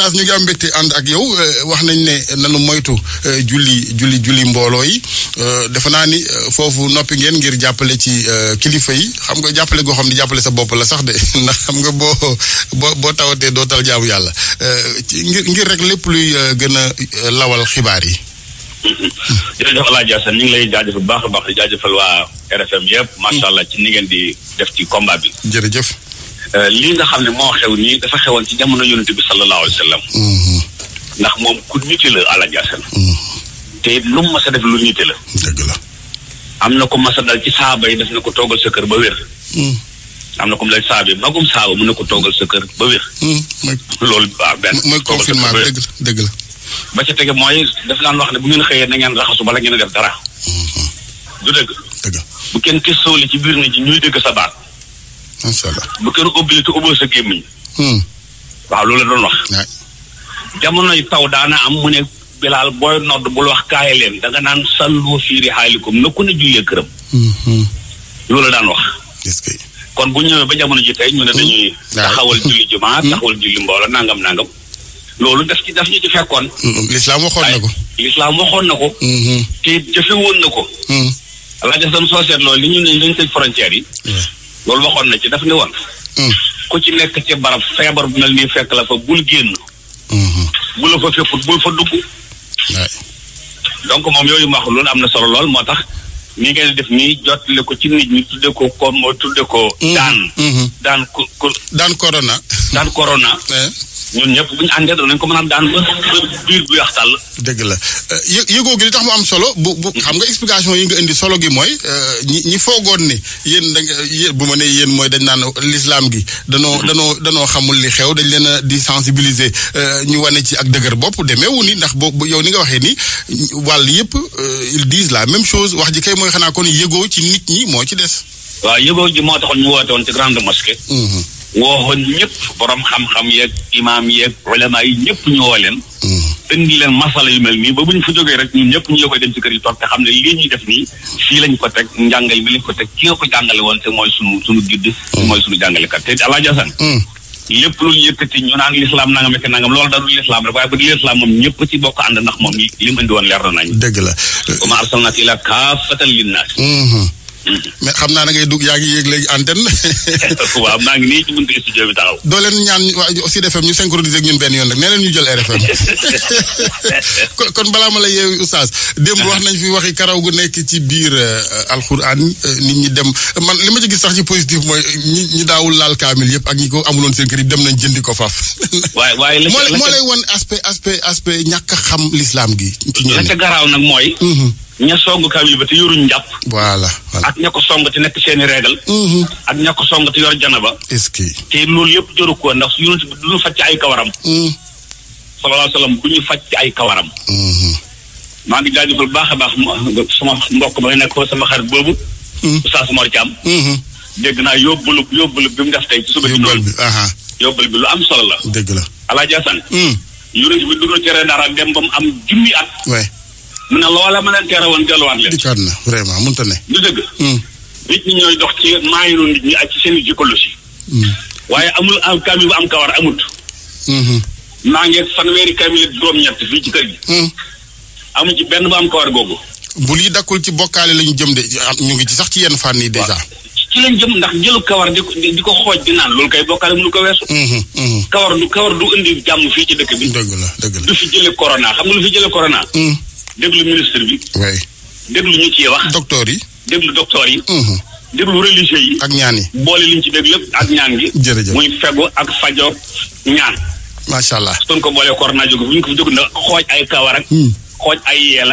oustaz ñu ngi am mbégte ànd ak yow euh, wax nañ ne nanu moytu euh, julli julli julli mbooloo yi euh, defe naa ni foofu noppi ngeen ngir jàppale ci kilifa yi xam nga jàppale goo xam jàppale sa bopp la sax de ndax xam nga boo boo boo tawatee doo tal jaamu yàlla ngir ngir rek lépp luy gën a lawal xibaar yi. jërëjëf Alaaji Asan ñu ngi lay jaajëf bu baax a baax di jaajëfal waa RFM yëpp. macha allah ci ni ngeen di def ci combat bi. jërëjëf. Euh, lii nga xam ne moo xew nii dafa xewoon ci jamono yonent bi sallallahu alayhi wa sallam mhm. ndax moom ku nite la Alaaji Asan mhm. te lu mu mas a def lu nite la dëgg la am na ko mas dal ci saaba yi def ko toogal sa kër ba wér am na comme lay saabi magum saaba mun na ko toogal sa kër ba wér mhm. loolu waaw ah, benn mooy dëgg ba ca tege mooy daf naan wax ne bu ngeen xëyee na ngeen raxasu bala ngeen a def dara du dëgg bu kenn te sooli ci biir nit ñi ñuy dëgg sa baat macha bu kenn ubbi te ubboo sa gémmiñ. Hmm. waaw loolu la doon wax. jamonoy taw daana am mu ne bilaal booy nodd bul wax kaaye leen danga naan sallu fii rihaalikum na ku ne jullee këram. Hmm. loolu la daan wax. kon bu ñëwee ba jamono ji tey ñu ne dañuy. Hmm. taxawal julli jumaa taxawal julli mbooloo nangam nangam. loolu daf ci daf ñu ci fekkoon. lislaam waxoon na ko. lislaam waxoon na ko. te jëfe woon na ko. ala jëf doon soo seetloo li ñu ne dañ tëj frontière yi. loolu waxoon na ci daf ni woon hmm. ku ci nekk ci barab feebar bu mel nii fekk la fa bul génn hmm. bu la fa fekkut bul fa dugg donc moom yooyu ma wax loolu am na solo lool moo tax nii ngeen def nii jotle ko ci nit ñi tudde ko comme tudde ko hmm. daan daan ko daan corona daan corona ñun ñëpp bu ñu àndee danañ ko mën a daan ba biir bu yax dëgg la euh, yë yëgoo gi li tax mu am solo bu bu xam nga explication yi nga indi solo gi mooy euh, ñi ñi foogoon ni yéen da nga bu ma nee yéen mooy dañ naan lislaam gi danoo danoo danoo xamul li xew dañ leen di sensibiliser euh, ñu wane ci ak dëgër bopp demeewu ni ndax boo yow ni nga waxee ni wàll yëpp ils disent la même chose wax ji kay mooy xanaa kon yëgoo ci nit ñi moo ci des. waaw yëgoo ji moo taxoon ñu woote woon woowoon ñëpp borom xam-xam yeeg imaam yeeg ulama yi ñëpp ñu woo leen. Hmm. indi leen masala yu mel nii ba bu ñu fa jógee rek ñun ñëpp ñu la koy dem ci kër yi toog te xam ne lii ñuy def nii fii lañ ko teg njàngal mi ko teg ki nga jàngale woon te mooy sunu sunu gidd. Hmm. mooy sunu jàngalekat te Alaaji hmm. lépp lu ñu yëkkati ñu naan lislaam nangam ak nangam loolu darul lislaam rek waaye bu di lislaam moom ñëpp ci bokk ànd ndax moom li mu indi woon leer na nañ. dëgg la. wa maa mais xam naa na ngay dugg yaa ngi yéeg léegi antenne. waaw maa ngi nii doo leen ñaan waa aussi FM ñu synchroniser ñu ñun benn yoon ne nee nu ñu jël RFM kon balaa ma la yeewi oustaz démb wax nañ fi waxi karaw gu nekk ci biir euh, alxuraan euh, nit ñi dem man li ma ci gis sax ci positif mooy ñi ñi daawul laal kaamil yëpp ak ñi ko amuloon seen kër yi dem nañ jëndi ko faaf. waay waay moo lay wan aspect aspect aspect ñàkk xam lislaam gi. ci ñenn la ca garaaw nag mooy. Mm-hmm. ña song kaamil ba te yoruñ njàpp. voilà voilà ak ña ko song te nekk seeni régal. Mhm. ak ña ko song te yor janaba. est-ce que. te loolu yëpp joru ko ndax su yonent bi du ñu ci ay kawaram. sallallahu alayhi wa du ñu faj ci ay kawaram. Mhm. Mhm. maa ngi jaajëfal baax a baax sama mbokk ba nekk sama xarit boobu. Oustaz Mor Thiam. dégg naa yóbbulu yóbbulu mu def tey ci suba bi noonu. yóbbul bi lu am solo la. dëgg la El Hadj Assane. yonent bi dugal ci reer dem ba mu am junni at. mu ne loola ma leen tere woon delluwaat leen. dikkaat na vraiment mënta ne. du dëgg. Hmm. nit ñooy dox ci maayiru nit ñi ak ci seen i hmm. waaye amul am kaamil bu am kawar amut. naa hmm, ngeen fanweeri kaamil ak juróom-ñett fii ci kër gi. amu ci benn ba am kawar googu. bu yi dakkul ci bokkaale lañu jëm de ah, ñu ngi ci sax ci yenn fànn yi dèjà. ci lañ jëm ndax jëlu kawar di ko di ko xooj di loolu kay bokkaale mënu ko weesu. kawar du kawar du indi jàmm fii ci dëkk bi. dëgg la dëgg la du fi jëlee corona xam nga lu fi jëlee corona. déglu ministre bi. oui déglu ñu ciy wax. docteur yi. déglu docteur yi. Mhm. déglu religieux yi. ak ñaan yi boole liñ ci dégg lépp ak ñaan gi. jërëjëf muy fegu ak fajo ñaan. macha allah su ko boolee koor naa jóg bu ñu ko fi jóg na xooj ay kawar hmm. xooj ay yeel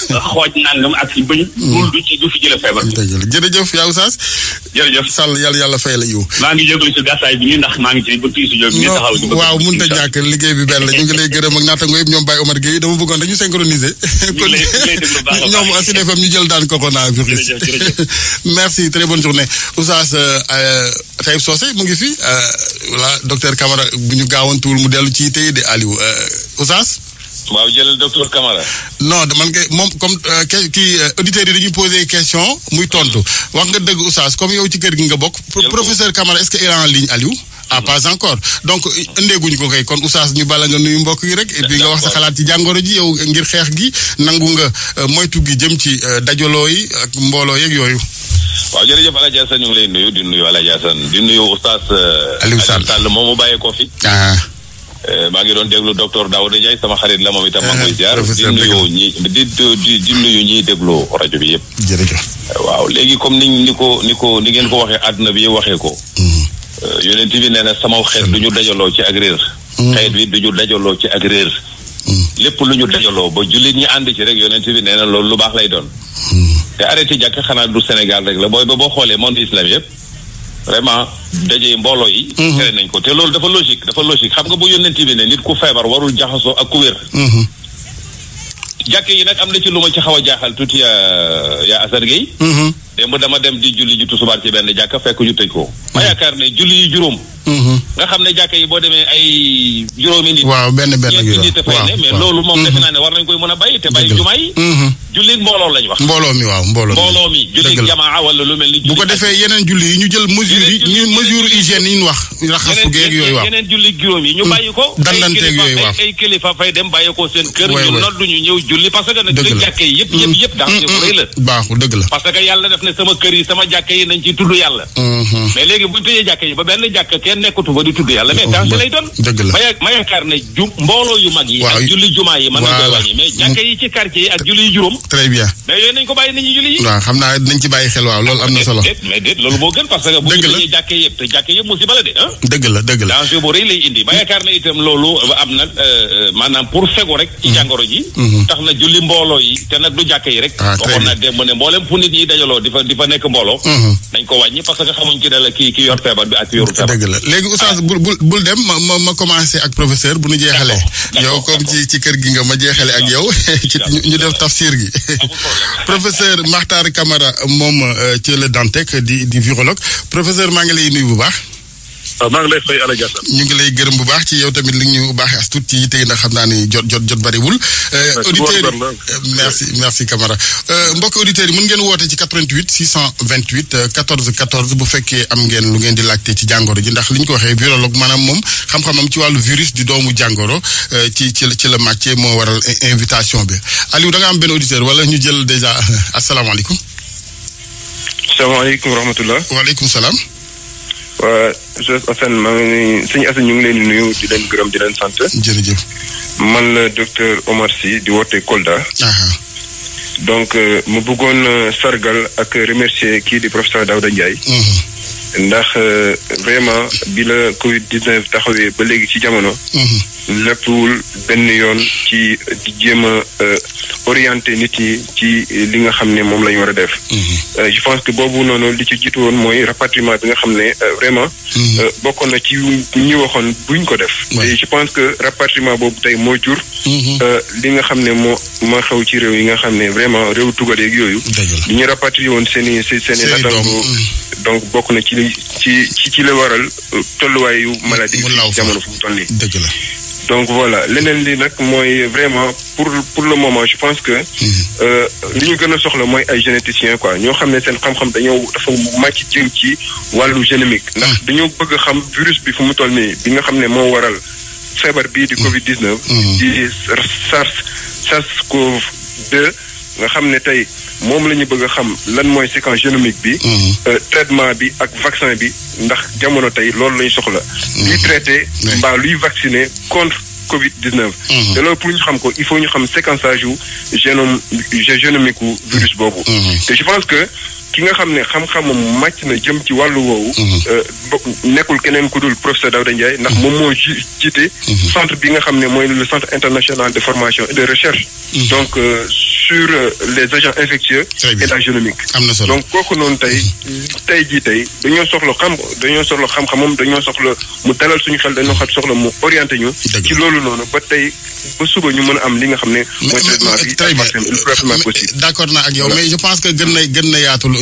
xooj nangam ak si bëñ. Hmm. loolu du ci du fi jëlee feebar. dëgg la jërëjëf yaa Oustaz. jërëjëf yàlla yàlla fay la yiw. maa ngi jégalu si gàttaay bi nii ndax maa ngi ci ba tuuti si jóg. waaw mënut a ñàkk liggéey bi benn la ñu ngi lay gërëm ak naataango yëpp ñoom Baye Omar Gueye dama bëggoon dañu ñu ngi lay ñoom Sud FM ñu jël daan coronavirus. merci très bonne journée Oustaz euh, euh, Taïb Socé mu ngi fi euh, voilà docteur Camara bu ñu gaawantuwul mu dellu ci tey di Aliou Oustaz waaw jëlal docteur Camara. non man kay moom comme euh, kii euh, auditeurs yi dañuy poser question muy tontu wax nga dëgg oustaz comme yow ci kër gi nga bokk. professeur Camara est-ce que il est en ligne Aliou. ah pas encore donc euh, ndeeguñ ko kay kon oustaz ñu bala nga nuyu mbokk yi rek et puis nga wax sa xalaat ci jàngoro ji yow ngir xeex gi nangu nga moytu gi jëm ci dajaloo yi ak mbooloo yeeg yooyu. waaw jërëjëf El Hadj Assane ñu ngi lay nuyu di nuyu El Hadj Assane di nuyu oustaz. Aliou Sall Aliou Sall moom mu bàyyeekoo fi. Ah. Eh, maa ngi doon déglu docteur Daouda Ndiaye sama xarit la moom itam maa ngi koy jaar eh, di nuyu ñi di di di nuyu ñiy déglu rajo bi yëpp. jërëjëf. Eh, waaw léegi comme ni ni ko ni ko ni ngeen ko waxee àdduna bi waxee ko. Mm-hmm. yonent bi nee na sama xeet du ñu dajaloo ci ak réer. Mm-hmm. xeet du ñu dajaloo ci ak mm-hmm. lu ñu dajaloo ba jullit ñi ànd ci rek yonent bi nee na loolu lu baax doon. te arrêté jàkk xanaa du Sénégal rek la booy ba boo xoolee monde islam yëpp. vraiment daje mbooloo yi. Mhm. tere ko te loolu dafa logique dafa logique xam nga boo bu yónnent bi ne nit ku feebar warul jaxasoo ak ku wér. Mhm. jàkkee yi nag am na ci lu ma ci xaw a jaaxal tuuti yaa yaa Assane Gueye. Mhm. démb dama dem di julli ji tusubaar benn jàkka fekk ñu tëj ko. ma yaakaar ne julli yi juróom. nga xam ne jàkka yi boo demee ay juróomi nit. waaw benn benn gi waaw ñeenti nit a fay ne mais loolu moom defe naa ne war nañ koy mën a bàyyi te bàyyi jumaa jullit mbooloo lañ wax. mbooloo mi waaw mbooloo mi mbooloo mi jullit jamaa wala lu mel ni. bu ko yi ñu jël mesure yi ñu mesure hygiène yi ñu yi ñu mm. bàyyi ko. dandanteeg yooyu waaw ay kilifa fay dem bàyyi ko seen kër. ñu noddu ñu ñëw julli parce que nag. dëgg la jàkkee yëpp yëpp yëpp mm, mm, def ne sama kër yi sama jàkkee yi nañ ci tudd yàlla. Mm-hmm. mais léegi bu ñu tëjee yi ba benn jàkk kenn nekkatu fa di tudd yàlla mm-hmm. ma yi. ak julli jumaa yi mën ci quartier yi ak julli juróom très bien. mais waaw xam naa nañ ci bàyyi xel waaw loolu am na ah, solo. mais loolu boo gën parce que. bu ñu dañuy jàkkee yëpp te jàkkee yëpp musiba la de ah. dëgg la dëgg la danger am na euh, euh, maanaam pour fegu rek. ci mhm. ji. Mhm. tax na julli mbooloo yi te nag du jàkkee yi rek. ah très bien waxoon ne mboolem fu nit dajaloo di fa di nekk mbooloo. Mhm. nañ ko wàññi parce que xamuñ ci dala ki ki yor feebar bi ak yoru feebar. dëgg la léegi oustaz bul ma commencé ak professeur bu ñu jeexalee yow comme ci kër gi nga ma jeexale ak yow ci ñu def tafsir gi professeur Makhtar Camara moom ci euh, la Dantec di di virologue professeur maa ngi lay nii bu baax. maa ngi lay fay Alé ñu ngi lay gërëm bu baax ci yow tamit li ñu baax as tuut ci yitte yi ndax xam naa ni jot jot jot bariwul. Euh, auditeurs yi euh, merci merci Camara. Euh, mbokk auditeurs yi mën ngeen woote ci 88 628 14 14 bu fekkee am ngeen lu ngeen di laajte ci jàngoro ji ndax li ñu ko waxee virologue maanaam moom xam am ci wàllu virus di doomu jàngoro ci ci ci la màccee moo waral invitation bi Aliou da nga am benn auditeur wala ñu jël déjà asalaamaaleykum. asalaamaaleykum wa rahmatulah. waaleykum salaam. Euh, Joseph Assane maa ngi nii sëñ Assane ñu ngi leen di nuyu di leen gërëm di leen sant. jërëjëf. man la docteur Omar Sy di woote Kolda. donc euh, mu bëggoon euh, sargal ak remercier kii di professeur da Ndiaye. ndax euh, vraiment bi la Covid 19 taxawee ba léegi ci jamono. nappuwul mhm. benn yoon ci di jéem a euh, orienté nit yi ci li nga xam ne moom la ñu war a def. Mhm. Euh, je pense que boobu noonu li ci jiitu woon mooy rapatriement bi nga xam ne vraiment. Mhm. bokkoon na ci ñi waxoon buñ ko def. te je que rapatriement boobu tey moo jur. li nga xam ne moo ma xew ci réew yi nga xam ne vraiment réew tugal yeeg yooyu. li ñu rapatrié woon seen i seen i donc bokk na ci ci ci ci ci la waral euh, tolluwaayu maladie bi jamono fu mu toll nii donc voilà leneen li nag mooy vraiment pour pour le moment je pense que mhm. euh, li ñu gën a soxla mooy ay généticiens quoi ñoo xam ne seen xam-xam dañoo dafa màcc jëm ci wàllu génomique ndax ah. dañoo bëgg xam virus bi fu mu toll nii bi nga xam ne moo waral feebar bii di mm. covid 19 mm. di SARS SARS-CoV-2 nga xam ne tey moom la ñu bëgg a xam lan mooy séquence génomique bi. Mhm. Euh, traitement bi ak vaccin bi ndax jamono tey loolu la soxla. luy mhm. traité mbaa luy vacciné contre Covid 19. Mhm. te loolu pour ñu xam ko il faut ñu xam séquençage yu génome génomique wu virus boobu. te je pense que. ki nga xam ne xam-xamam màcc na jëm ci wàllu woowu. Mhm. Euh, nekkul keneen ku dul professeur Daouda Ndiaye ndax mhm. moom moo jiite. Mhm. centre bi nga xam ne mooy le centre international de formation et de recherche. donc euh, sur euh, les agents infectieux. et la génomique. am na solo donc kooku noonu tey tey jii tey dañoo soxla xam dañoo soxla xam-xamam dañoo soxla mu dalal suñu xel dañoo xam soxla mu orienté ñu. ci loolu noonu ba tey ba suba ñu mën a am li nga xam ne. mooy traitement bi très bien d' accord naa ak yow na gën na yaatul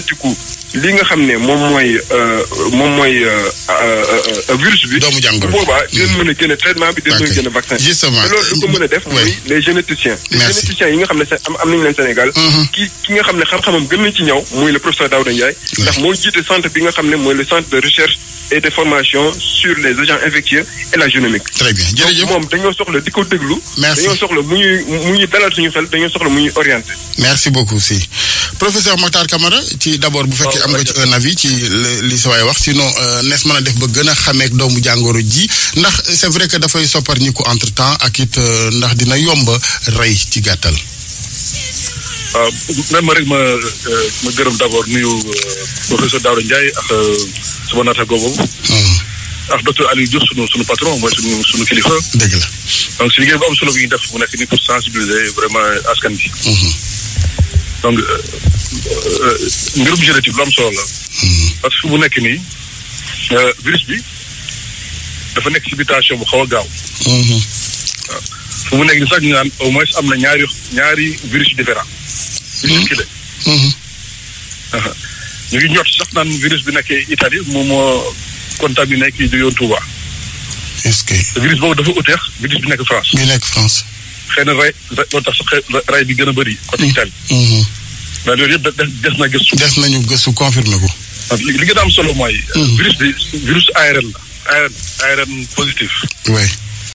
diagnostiqué li nga xam ne moom mooy euh, moom mooy euh, euh, virus bi. doomu jàngoro bi boobaa dinañ hmm. mën a génne traitement bi dinañ mën a génne vaccin bi. justement loolu lu ko mën a def. mooy les généticiens. les généticiens yi ne am am nañu leen Sénégal. Hmm. ki ki xam ne xam-xamam gën nañ ci ñëw. muy le professeur Daouda Ndiaye. ndax moo jiite centre bi nga xam ne mooy le centre de recherche et de formation sur les agents infectieux et la génomique. très bien jërëjëf moom dañoo soxla di ko déglu. merci dañoo soxla mu ñuy mu ñuy dalal suñu xel dañoo soxla mu ñuy orienté. merci beaucoup si. professeur Makhtar Camara ci d' abord bu fekkee am nga ci un ci li sa waay wax sinon euh, nees mën a def ba gën a xamee doomu jàngooro jii ndax c' est vrai que dafay soppar ñi entre temps ak it euh, ndax dina yomba rey ci gàttal. waaw euh, rek ma ma gërëm d' abord nuyu professeur Daouda Ndiaye ak sama naataango boobu. Hmm. ak docteur Aliou Diouf sunu sunu patron mooy sunu sunu kilifa. dëgg la si solo bi def mu nekk nii pour vraiment askan bi. Hmm. donc euh, euh, mbirum génétique lu am solo la. Hmm. parce que bu nekk nii euh, virus bi dafa nekk ci mutation bu xaw a gaaw. Hmm. waaw mu nekk nii sax ñu naan au moins am na ñaari ñaari virus yu différents. virus hmm. ki la. ñu ngi ñot sax naan virus bi nekkee Italie moom moo contaminé kii jógewoon Touba. est-ce que. virus boobu dafa uteex virus bi nekk France. bi nekk France. xëy na rey loolu tax sax rey bi gën a bëri côté Italie. mais loolu yëpp des na gëstu. des nañu gëstu confirmé ko. parce que li gën am solo mooy. Mhm. virus bi virus ARN la. positif. oui.